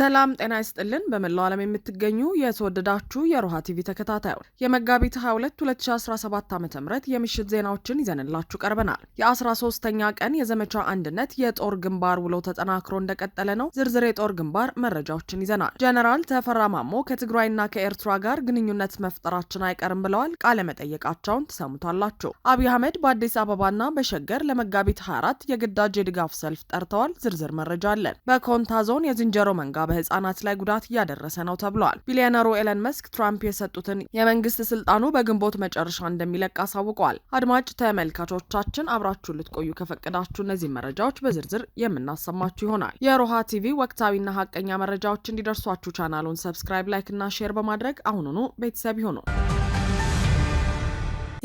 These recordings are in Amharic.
ሰላም ጤና ይስጥልን። በመላው ዓለም የምትገኙ የተወደዳችሁ የሮሃ ቲቪ ተከታታዮች የመጋቢት 22 2017 ዓ ም የምሽት ዜናዎችን ይዘንላችሁ ቀርበናል። የ13ተኛ ቀን የዘመቻ አንድነት የጦር ግንባር ውሎ ተጠናክሮ እንደቀጠለ ነው። ዝርዝር የጦር ግንባር መረጃዎችን ይዘናል። ጀነራል ተፈራ ማሞ ከትግራይና ከኤርትራ ጋር ግንኙነት መፍጠራችን አይቀርም ብለዋል። ቃለ መጠየቃቸውን ትሰሙታላችሁ። አብይ አህመድ በአዲስ አበባና በሸገር ለመጋቢት 24 የግዳጅ የድጋፍ ሰልፍ ጠርተዋል። ዝርዝር መረጃ አለን። በኮንታ ዞን የዝንጀሮ መንጋ በህጻናት ላይ ጉዳት እያደረሰ ነው ተብሏል። ቢሊዮነሩ ኤለን መስክ ትራምፕ የሰጡትን የመንግስት ስልጣኑ በግንቦት መጨረሻ እንደሚለቅ አሳውቀዋል። አድማጭ ተመልካቾቻችን አብራችሁ ልትቆዩ ከፈቀዳችሁ እነዚህ መረጃዎች በዝርዝር የምናሰማችሁ ይሆናል። የሮሃ ቲቪ ወቅታዊና ሀቀኛ መረጃዎች እንዲደርሷችሁ ቻናሉን ሰብስክራይብ፣ ላይክ እና ሼር በማድረግ አሁኑኑ ቤተሰብ ይሁኑ።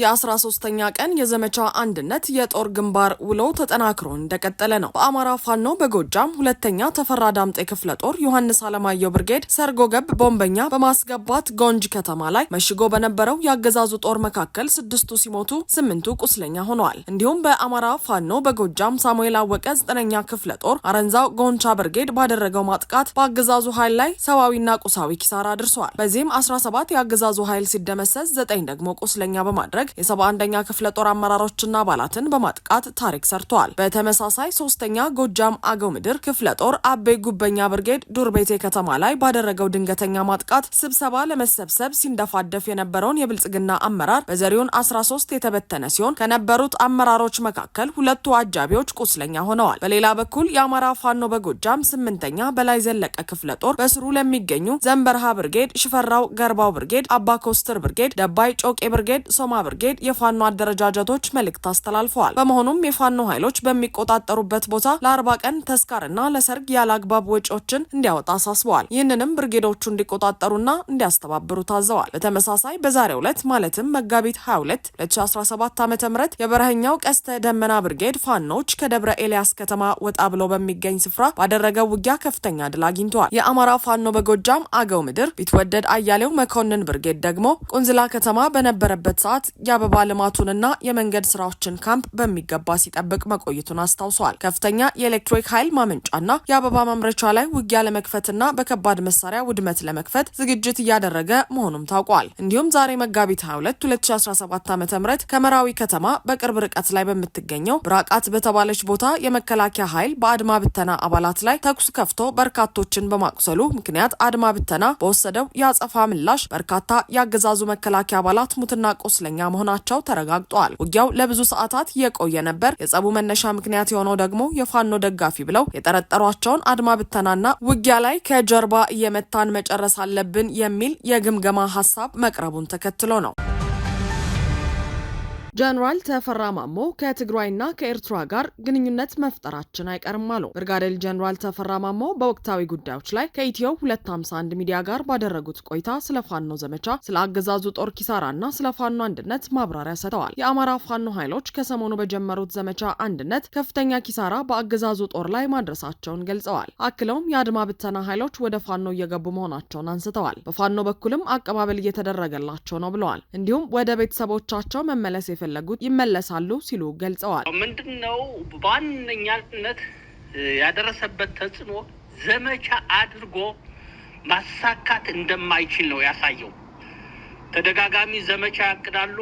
የ13ኛ ቀን የዘመቻ አንድነት የጦር ግንባር ውሎ ተጠናክሮ እንደቀጠለ ነው። በአማራ ፋኖ በጎጃም ሁለተኛ ተፈራ ዳምጤ ክፍለ ጦር ዮሐንስ አለማየሁ ብርጌድ ሰርጎ ገብ ቦምበኛ በማስገባት ጎንጅ ከተማ ላይ መሽጎ በነበረው የአገዛዙ ጦር መካከል ስድስቱ ሲሞቱ ስምንቱ ቁስለኛ ሆነዋል። እንዲሁም በአማራ ፋኖ በጎጃም ሳሙኤል አወቀ ዘጠነኛ ክፍለ ጦር አረንዛው ጎንቻ ብርጌድ ባደረገው ማጥቃት በአገዛዙ ኃይል ላይ ሰብአዊና ቁሳዊ ኪሳራ አድርሰዋል። በዚህም 17 የአገዛዙ ኃይል ሲደመሰስ ዘጠኝ ደግሞ ቁስለኛ በማድረግ በማድረግ የሰባ አንደኛ ክፍለ ጦር አመራሮችና አባላትን በማጥቃት ታሪክ ሰርተዋል። በተመሳሳይ ሶስተኛ ጎጃም አገው ምድር ክፍለ ጦር አቤ ጉበኛ ብርጌድ ዱርቤቴ ከተማ ላይ ባደረገው ድንገተኛ ማጥቃት ስብሰባ ለመሰብሰብ ሲንደፋደፍ የነበረውን የብልጽግና አመራር በዘሪውን 13 የተበተነ ሲሆን ከነበሩት አመራሮች መካከል ሁለቱ አጃቢዎች ቁስለኛ ሆነዋል። በሌላ በኩል የአማራ ፋኖ በጎጃም ስምንተኛ በላይ ዘለቀ ክፍለ ጦር በስሩ ለሚገኙ ዘንበርሃ ብርጌድ፣ ሽፈራው ገርባው ብርጌድ፣ አባ ኮስትር ብርጌድ፣ ደባይ ጮቄ ብርጌድ፣ ሶማ ብርጌድ ብርጌድ የፋኖ አደረጃጀቶች መልእክት አስተላልፈዋል። በመሆኑም የፋኖ ኃይሎች በሚቆጣጠሩበት ቦታ ለአርባ ቀን ተስካርና ለሰርግ ያለ አግባብ ወጪዎችን እንዲያወጣ አሳስበዋል። ይህንንም ብርጌዶቹ እንዲቆጣጠሩና እንዲያስተባብሩ ታዘዋል። በተመሳሳይ በዛሬው ዕለት ማለትም መጋቢት 22 2017 ዓ ም የበረሃኛው ቀስተ ደመና ብርጌድ ፋኖች ከደብረ ኤልያስ ከተማ ወጣ ብሎ በሚገኝ ስፍራ ባደረገው ውጊያ ከፍተኛ ድል አግኝተዋል። የአማራ ፋኖ በጎጃም አገው ምድር ቢትወደድ አያሌው መኮንን ብርጌድ ደግሞ ቁንዝላ ከተማ በነበረበት ሰዓት የአበባ ልማቱንና የመንገድ ስራዎችን ካምፕ በሚገባ ሲጠብቅ መቆየቱን አስታውሰዋል። ከፍተኛ የኤሌክትሪክ ኃይል ማመንጫና የአበባ ማምረቻ ላይ ውጊያ ለመክፈትና በከባድ መሳሪያ ውድመት ለመክፈት ዝግጅት እያደረገ መሆኑም ታውቋል። እንዲሁም ዛሬ መጋቢት 22 2017 ዓ ም ከመራዊ ከተማ በቅርብ ርቀት ላይ በምትገኘው ብራቃት በተባለች ቦታ የመከላከያ ኃይል በአድማ ብተና አባላት ላይ ተኩስ ከፍቶ በርካቶችን በማቁሰሉ ምክንያት አድማ ብተና በወሰደው የአጸፋ ምላሽ በርካታ የአገዛዙ መከላከያ አባላት ሙትና ቆስለኛ መሆናቸው ተረጋግጧል። ውጊያው ለብዙ ሰዓታት የቆየ ነበር። የጸቡ መነሻ ምክንያት የሆነው ደግሞ የፋኖ ደጋፊ ብለው የጠረጠሯቸውን አድማ ብተናና ውጊያ ላይ ከጀርባ እየመታን መጨረስ አለብን የሚል የግምገማ ሀሳብ መቅረቡን ተከትሎ ነው። ጀኔራል ተፈራ ማሞ ከትግራይና ከኤርትራ ጋር ግንኙነት መፍጠራችን አይቀርም አሉ። ብርጋዴር ጀኔራል ተፈራ ማሞ በወቅታዊ ጉዳዮች ላይ ከኢትዮ 251 ሚዲያ ጋር ባደረጉት ቆይታ ስለ ፋኖ ዘመቻ፣ ስለ አገዛዙ ጦር ኪሳራና ስለ ፋኖ አንድነት ማብራሪያ ሰጥተዋል። የአማራ ፋኖ ኃይሎች ከሰሞኑ በጀመሩት ዘመቻ አንድነት ከፍተኛ ኪሳራ በአገዛዙ ጦር ላይ ማድረሳቸውን ገልጸዋል። አክለውም የአድማ ብተና ኃይሎች ወደ ፋኖ እየገቡ መሆናቸውን አንስተዋል። በፋኖ በኩልም አቀባበል እየተደረገላቸው ነው ብለዋል። እንዲሁም ወደ ቤተሰቦቻቸው መመለስ የፈ እንደፈለጉት ይመለሳሉ ሲሉ ገልጸዋል። ምንድን ነው በዋነኛነት ያደረሰበት ተጽዕኖ ዘመቻ አድርጎ ማሳካት እንደማይችል ነው ያሳየው። ተደጋጋሚ ዘመቻ ያቅዳሉ።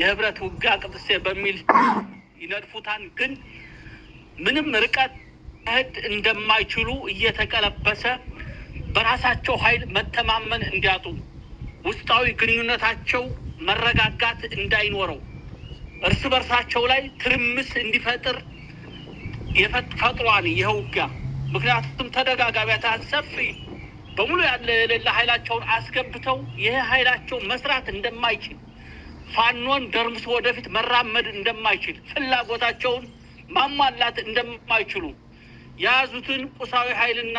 የህብረት ውጊያ ቅጥሴ በሚል ይነድፉታን ግን ምንም ርቀት መሄድ እንደማይችሉ እየተቀለበሰ በራሳቸው ኃይል መተማመን እንዲያጡ ውስጣዊ ግንኙነታቸው መረጋጋት እንዳይኖረው እርስ በርሳቸው ላይ ትርምስ እንዲፈጥር ፈጥሯል ይኸው ውጊያ። ምክንያቱም ተደጋጋሚ ሰፊ በሙሉ ያለ የሌለ ኃይላቸውን አስገብተው ይህ ኃይላቸው መስራት እንደማይችል ፋኖን ደርምስ ወደፊት መራመድ እንደማይችል ፍላጎታቸውን ማሟላት እንደማይችሉ የያዙትን ቁሳዊ ኃይልና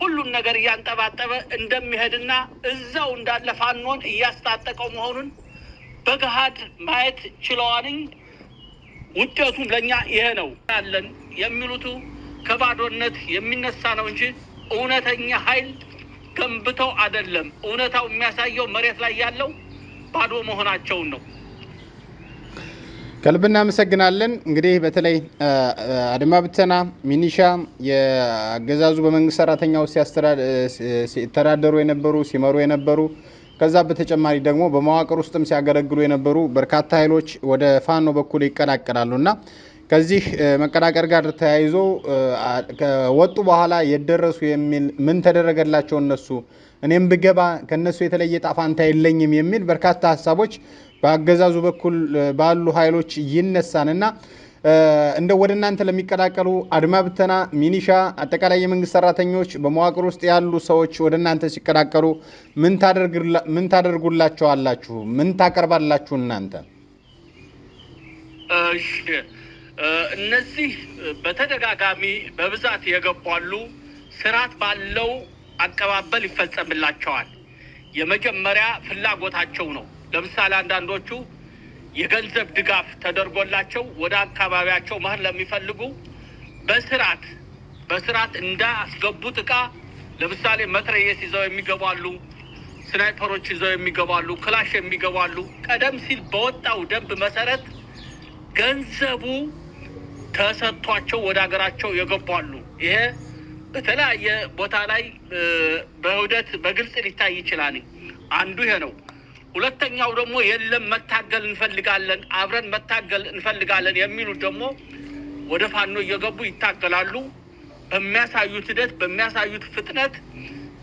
ሁሉን ነገር እያንጠባጠበ እንደሚሄድና እዛው እንዳለ ፋኖን እያስታጠቀው መሆኑን በገሃድ ማየት ችለዋልኝ። ውጤቱም ለእኛ ይሄ ነው ያለን የሚሉቱ ከባዶነት የሚነሳ ነው እንጂ እውነተኛ ኃይል ገንብተው አይደለም። እውነታው የሚያሳየው መሬት ላይ ያለው ባዶ መሆናቸውን ነው። ከልብ እናመሰግናለን። እንግዲህ በተለይ አድማ ብተና፣ ሚኒሻ፣ የአገዛዙ በመንግስት ሰራተኛው ሲተዳደሩ የነበሩ ሲመሩ የነበሩ ከዛ በተጨማሪ ደግሞ በመዋቅር ውስጥም ሲያገለግሉ የነበሩ በርካታ ኃይሎች ወደ ፋኖ በኩል ይቀላቀላሉ እና ከዚህ መቀላቀል ጋር ተያይዞ ከወጡ በኋላ የደረሱ የሚል ምን ተደረገላቸው እነሱ እኔም ብገባ ከእነሱ የተለየ ጣፋንታ የለኝም የሚል በርካታ ሀሳቦች በአገዛዙ በኩል ባሉ ኃይሎች ይነሳንና እንደ ወደ እናንተ ለሚቀላቀሉ አድማ ብተና፣ ሚኒሻ፣ አጠቃላይ የመንግስት ሰራተኞች በመዋቅር ውስጥ ያሉ ሰዎች ወደ እናንተ ሲቀላቀሉ ምን ታደርጉላቸዋላችሁ? ምን ታቀርባላችሁ እናንተ? እነዚህ በተደጋጋሚ በብዛት የገቧሉ ስርዓት ባለው አቀባበል ይፈጸምላቸዋል። የመጀመሪያ ፍላጎታቸው ነው። ለምሳሌ አንዳንዶቹ የገንዘብ ድጋፍ ተደርጎላቸው ወደ አካባቢያቸው መህር ለሚፈልጉ በስርዓት በስርዓት እንዳስገቡት እቃ ለምሳሌ መትረየስ ይዘው የሚገባሉ፣ ስናይፐሮች ይዘው የሚገባሉ፣ ክላሽ የሚገባሉ። ቀደም ሲል በወጣው ደንብ መሰረት ገንዘቡ ተሰጥቷቸው ወደ ሀገራቸው የገባሉ። ይሄ በተለያየ ቦታ ላይ በውደት በግልጽ ሊታይ ይችላል። አንዱ ይሄ ነው። ሁለተኛው ደግሞ የለም መታገል እንፈልጋለን፣ አብረን መታገል እንፈልጋለን የሚሉት ደግሞ ወደ ፋኖ እየገቡ ይታገላሉ። በሚያሳዩት ሂደት በሚያሳዩት ፍጥነት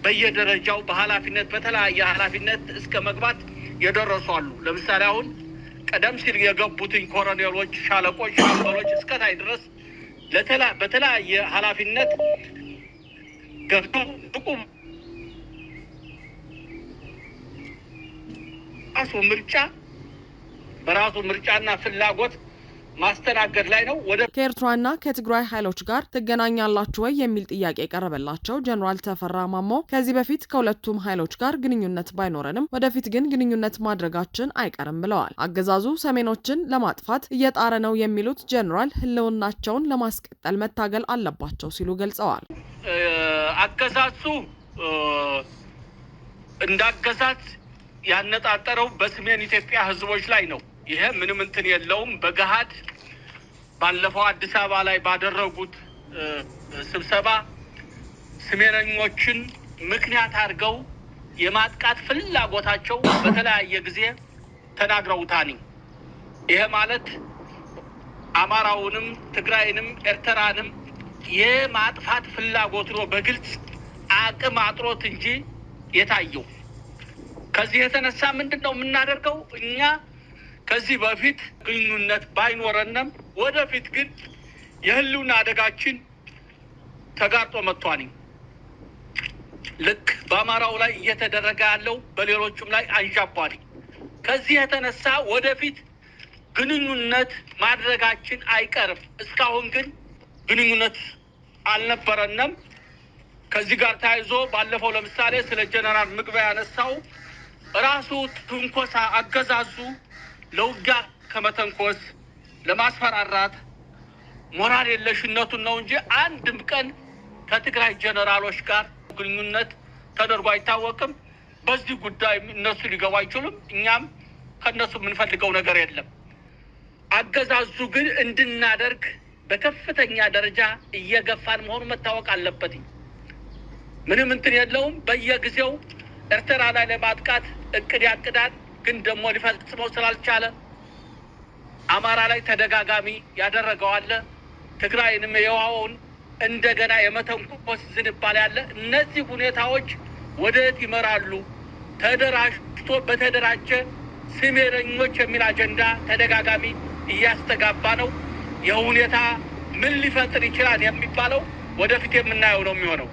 በየደረጃው በኃላፊነት በተለያየ ኃላፊነት እስከ መግባት የደረሱ አሉ። ለምሳሌ አሁን ቀደም ሲል የገቡትኝ ኮሎኔሎች፣ ሻለቆች፣ አምበሎች እስከ ታይ ድረስ በተለያየ ኃላፊነት ገብተው በራሱ ምርጫ በራሱ ምርጫና ፍላጎት ማስተናገድ ላይ ነው። ወደ ከኤርትራና ከትግራይ ኃይሎች ጋር ትገናኛላችሁ ወይ የሚል ጥያቄ የቀረበላቸው ጀኔራል ተፈራ ማሞ ከዚህ በፊት ከሁለቱም ኃይሎች ጋር ግንኙነት ባይኖረንም ወደፊት ግን ግንኙነት ማድረጋችን አይቀርም ብለዋል። አገዛዙ ሰሜኖችን ለማጥፋት እየጣረ ነው የሚሉት ጀኔራል ህልውናቸውን ለማስቀጠል መታገል አለባቸው ሲሉ ገልጸዋል። አገዛዙ እንዳገዛት ያነጣጠረው በሰሜን ኢትዮጵያ ህዝቦች ላይ ነው። ይሄ ምንም እንትን የለውም። በገሃድ ባለፈው አዲስ አበባ ላይ ባደረጉት ስብሰባ ስሜነኞችን ምክንያት አድርገው የማጥቃት ፍላጎታቸው በተለያየ ጊዜ ተናግረውታኒ። ይሄ ማለት አማራውንም ትግራይንም ኤርትራንም የማጥፋት ፍላጎት ነው። በግልጽ አቅም አጥሮት እንጂ የታየው ከዚህ የተነሳ ምንድን ነው የምናደርገው እኛ ከዚህ በፊት ግንኙነት ባይኖረንም ወደፊት ግን የህልውና አደጋችን ተጋርጦ መጥቷኒ ልክ በአማራው ላይ እየተደረገ ያለው በሌሎቹም ላይ አንዣቧል። ከዚህ የተነሳ ወደፊት ግንኙነት ማድረጋችን አይቀርም። እስካሁን ግን ግንኙነት አልነበረንም። ከዚህ ጋር ተያይዞ ባለፈው ለምሳሌ ስለ ጀነራል ምግቢያ ያነሳው ራሱ ትንኮሳ አገዛዙ ለውጊያ ከመተንኮስ ለማስፈራራት ሞራል የለሽነቱን ነው እንጂ አንድም ቀን ከትግራይ ጀነራሎች ጋር ግንኙነት ተደርጎ አይታወቅም። በዚህ ጉዳይ እነሱ ሊገቡ አይችሉም። እኛም ከእነሱ የምንፈልገው ነገር የለም። አገዛዙ ግን እንድናደርግ በከፍተኛ ደረጃ እየገፋን መሆኑ መታወቅ አለበት። ምንም እንትን የለውም። በየጊዜው ኤርትራ ላይ ለማጥቃት እቅድ ያቅዳል፣ ግን ደግሞ ሊፈጽመው ስላልቻለ አማራ ላይ ተደጋጋሚ ያደረገው አለ። ትግራይንም የውሃውን እንደገና የመተንኮስ ዝንባል ያለ። እነዚህ ሁኔታዎች ወደት ይመራሉ? ተደራጅቶ በተደራጀ ስሜረኞች የሚል አጀንዳ ተደጋጋሚ እያስተጋባ ነው። የሁኔታ ምን ሊፈጥር ይችላል የሚባለው ወደፊት የምናየው ነው የሚሆነው።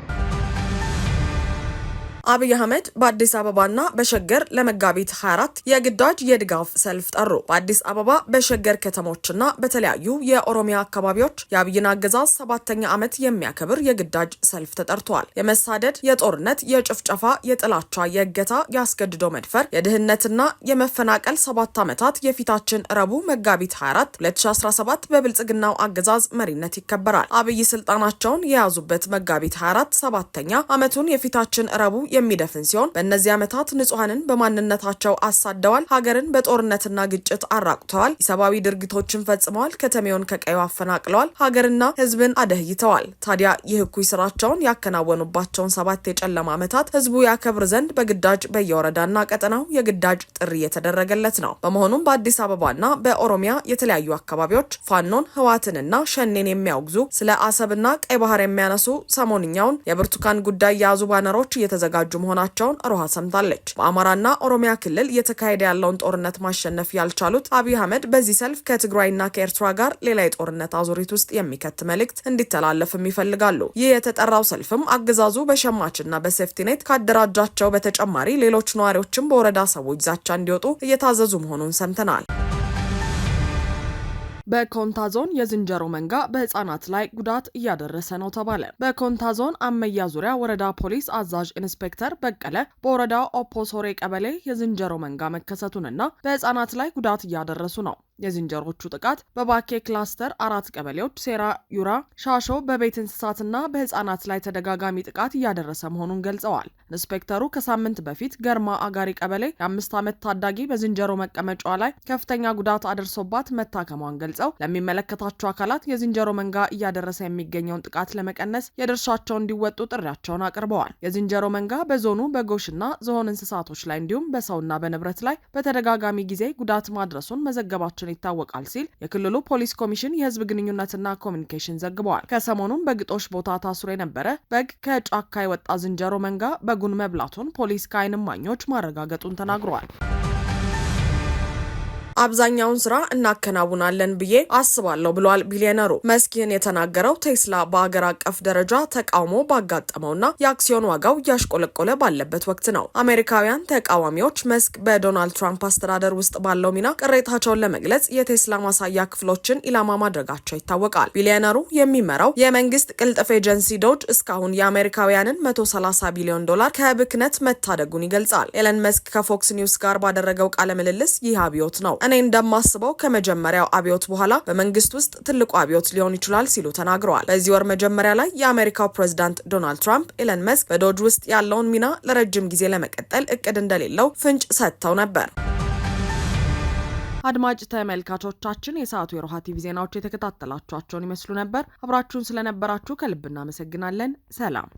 አብይ አህመድ በአዲስ አበባና በሸገር ለመጋቢት 24 የግዳጅ የድጋፍ ሰልፍ ጠሩ። በአዲስ አበባ በሸገር ከተሞችና በተለያዩ የኦሮሚያ አካባቢዎች የአብይን አገዛዝ ሰባተኛ ዓመት የሚያከብር የግዳጅ ሰልፍ ተጠርተዋል። የመሳደድ፣ የጦርነት፣ የጭፍጨፋ፣ የጥላቻ፣ የእገታ፣ ያስገድዶ መድፈር፣ የድህነትና የመፈናቀል ሰባት ዓመታት የፊታችን ረቡዕ መጋቢት 24 2017 በብልጽግናው አገዛዝ መሪነት ይከበራል። አብይ ስልጣናቸውን የያዙበት መጋቢት 24 ሰባተኛ ዓመቱን የፊታችን ረቡዕ የሚደፍን ሲሆን በእነዚህ ዓመታት ንጹሐንን በማንነታቸው አሳደዋል፣ ሀገርን በጦርነትና ግጭት አራቁተዋል፣ ኢሰብአዊ ድርጊቶችን ፈጽመዋል፣ ከተሜውን ከቀዩ አፈናቅለዋል፣ ሀገርና ህዝብን አደህይተዋል። ታዲያ ይህ እኩይ ስራቸውን ያከናወኑባቸውን ሰባት የጨለማ ዓመታት ህዝቡ ያከብር ዘንድ በግዳጅ በየወረዳና ቀጠናው የግዳጅ ጥሪ የተደረገለት ነው። በመሆኑም በአዲስ አበባና በኦሮሚያ የተለያዩ አካባቢዎች ፋኖን ህዋትንና ሸኔን የሚያወግዙ ስለ አሰብና ቀይ ባህር የሚያነሱ ሰሞንኛውን የብርቱካን ጉዳይ የያዙ ባነሮች እየተዘጋጁ እየተደራጁ መሆናቸውን ሮሃ ሰምታለች። በአማራና ኦሮሚያ ክልል እየተካሄደ ያለውን ጦርነት ማሸነፍ ያልቻሉት አብይ አህመድ በዚህ ሰልፍ ከትግራይና ከኤርትራ ጋር ሌላ የጦርነት አዙሪት ውስጥ የሚከት መልእክት እንዲተላለፍም ይፈልጋሉ። ይህ የተጠራው ሰልፍም አገዛዙ በሸማችና በሴፍቲኔት ካደራጃቸው በተጨማሪ ሌሎች ነዋሪዎችም በወረዳ ሰዎች ዛቻ እንዲወጡ እየታዘዙ መሆኑን ሰምተናል። በኮንታ ዞን የዝንጀሮ መንጋ በህፃናት ላይ ጉዳት እያደረሰ ነው ተባለ። በኮንታ ዞን አመያ ዙሪያ ወረዳ ፖሊስ አዛዥ ኢንስፔክተር በቀለ በወረዳው ኦፖሶሬ ቀበሌ የዝንጀሮ መንጋ መከሰቱንና በህፃናት ላይ ጉዳት እያደረሱ ነው የዝንጀሮቹ ጥቃት በባኬ ክላስተር አራት ቀበሌዎች ሴራ ዩራ፣ ሻሾ በቤት እንስሳትና በህፃናት ላይ ተደጋጋሚ ጥቃት እያደረሰ መሆኑን ገልጸዋል። ኢንስፔክተሩ ከሳምንት በፊት ገርማ አጋሪ ቀበሌ የአምስት ዓመት ታዳጊ በዝንጀሮ መቀመጫዋ ላይ ከፍተኛ ጉዳት አድርሶባት መታከሟን ገልጸው ለሚመለከታቸው አካላት የዝንጀሮ መንጋ እያደረሰ የሚገኘውን ጥቃት ለመቀነስ የድርሻቸውን እንዲወጡ ጥሪያቸውን አቅርበዋል። የዝንጀሮ መንጋ በዞኑ በጎሽና ዝሆን እንስሳቶች ላይ እንዲሁም በሰውና በንብረት ላይ በተደጋጋሚ ጊዜ ጉዳት ማድረሱን መዘገባቸው መያዛችን ይታወቃል ሲል የክልሉ ፖሊስ ኮሚሽን የህዝብ ግንኙነትና ኮሚኒኬሽን ዘግበዋል። ከሰሞኑም በግጦሽ ቦታ ታስሮ የነበረ በግ ከጫካ የወጣ ዝንጀሮ መንጋ በጉን መብላቱን ፖሊስ ከአይን እማኞች ማረጋገጡን ተናግረዋል። አብዛኛውን ስራ እናከናውናለን ብዬ አስባለሁ ብሏል ቢሊዮነሩ። መስኪን የተናገረው ቴስላ በአገር አቀፍ ደረጃ ተቃውሞ ባጋጠመውና የአክሲዮን ዋጋው እያሽቆለቆለ ባለበት ወቅት ነው። አሜሪካውያን ተቃዋሚዎች መስክ በዶናልድ ትራምፕ አስተዳደር ውስጥ ባለው ሚና ቅሬታቸውን ለመግለጽ የቴስላ ማሳያ ክፍሎችን ኢላማ ማድረጋቸው ይታወቃል። ቢሊዮነሩ የሚመራው የመንግስት ቅልጥፍ ኤጀንሲ ዶጅ እስካሁን የአሜሪካውያንን 130 ቢሊዮን ዶላር ከብክነት መታደጉን ይገልጻል። ኤለን መስክ ከፎክስ ኒውስ ጋር ባደረገው ቃለ ምልልስ ይህ አብዮት ነው እኔ እንደማስበው ከመጀመሪያው አብዮት በኋላ በመንግስት ውስጥ ትልቁ አብዮት ሊሆን ይችላል ሲሉ ተናግረዋል። በዚህ ወር መጀመሪያ ላይ የአሜሪካው ፕሬዚዳንት ዶናልድ ትራምፕ ኤለን መስክ በዶጅ ውስጥ ያለውን ሚና ለረጅም ጊዜ ለመቀጠል እቅድ እንደሌለው ፍንጭ ሰጥተው ነበር። አድማጭ ተመልካቾቻችን የሰዓቱ የሮሃ ቲቪ ዜናዎች የተከታተላችኋቸውን ይመስሉ ነበር። አብራችሁን ስለነበራችሁ ከልብ እናመሰግናለን። ሰላም